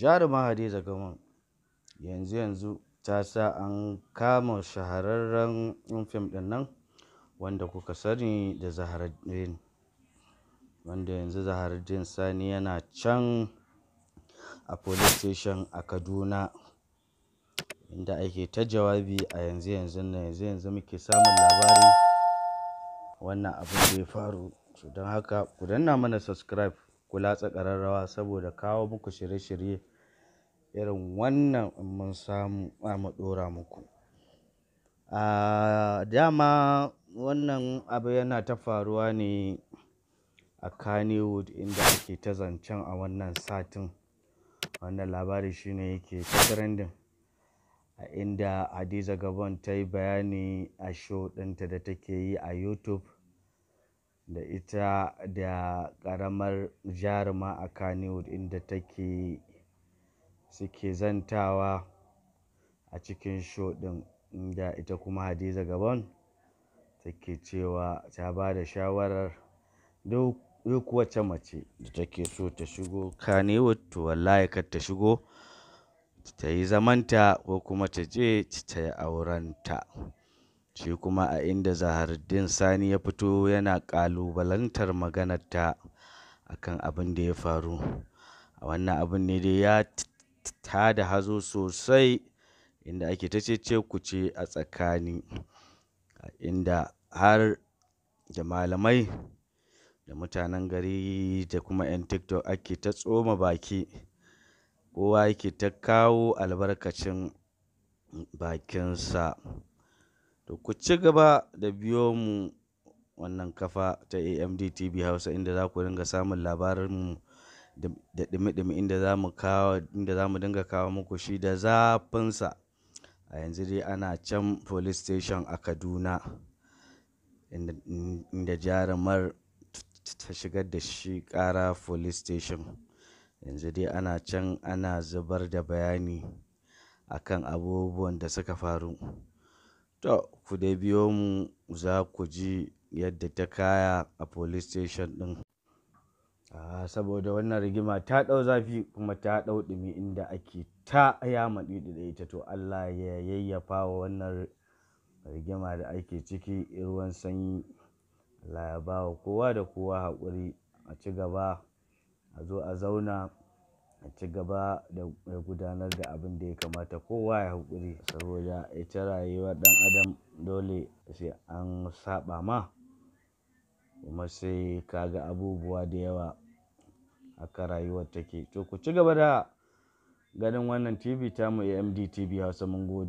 Jaruma Hadiza Gumel yanzu-yanzu ta sa an kama shahararren fim ɗin nan wanda kuka sani da Zahraddeen, wanda yanzu Zahraddeen Sani yana can a police station a Kaduna inda ake ta jawabi a yanzu yanzu nan, yanzu-yanzu muke samun labari wannan abin da ya faru. Don haka ku danna mana subscribe. ku latsa ƙararrawa saboda kawo muku shirye-shirye irin wannan mun samu a mu ɗora muku. A dama wannan abu yana ta faruwa ne a Kannywood inda ake ta zancen a wannan satin. Wannan labari shine yake ta trendin a inda Hadiza Gabon ta yi bayani a show ɗinta da take yi a YouTube. da ita da karamar jaruma a Kannywood inda take suke zantawa a cikin shoɗin ɗin inda ita kuma Hadiza Gabon take cewa ta ba da shawarar duk wacce mace da take so ta shigo Kannywood to wallahi kar ta shigo ta yi zamanta ko kuma ta je ta yi aurenta. shi kuma a inda zahardin sani ya fito yana ƙalubalantar maganarta a kan abin da ya faru a wannan abin ne dai ya tada hazo sosai inda ake ta cece kuce a tsakani inda har da malamai da mutanen gari da kuma 'yan tiktok ake ta tsoma baki kowa yake ta kawo albarkacin bakinsa To ku ci gaba da biyo mu wannan kafa ta AMD TV Hausa inda za ku dinga samun labarinmu da ɗimi-ɗimi, inda za mu kawo inda za mu dinga kawo muku shi da zafinsa. A yanzu dai ana can police station a Kaduna inda jarumar ta shigar da shi ƙara police station. Yanzu dai ana can ana zubar da bayani akan abubuwan da suka faru. To, ku dai biyo mu za ku ji yadda ta kaya a police station ɗin. Ah, saboda wannan rigima ta ɗau zafi kuma ta ɗau ɗumi inda ake ta yamaɗi da ita to Allah ya yayyafa wa wannan rigima da ake ciki ruwan sanyi Allah ya ba wa kowa da kowa haƙuri a ci gaba a zo a zauna a ci gaba da gudanar da abin da ya kamata kowa ya haƙuri saboda ita rayuwar ɗan adam dole sai an saɓa ma kuma sai ka ga abubuwa da yawa haka rayuwar take to ku ci gaba da ganin wannan tv tamu AMD TV Hausa mun gode.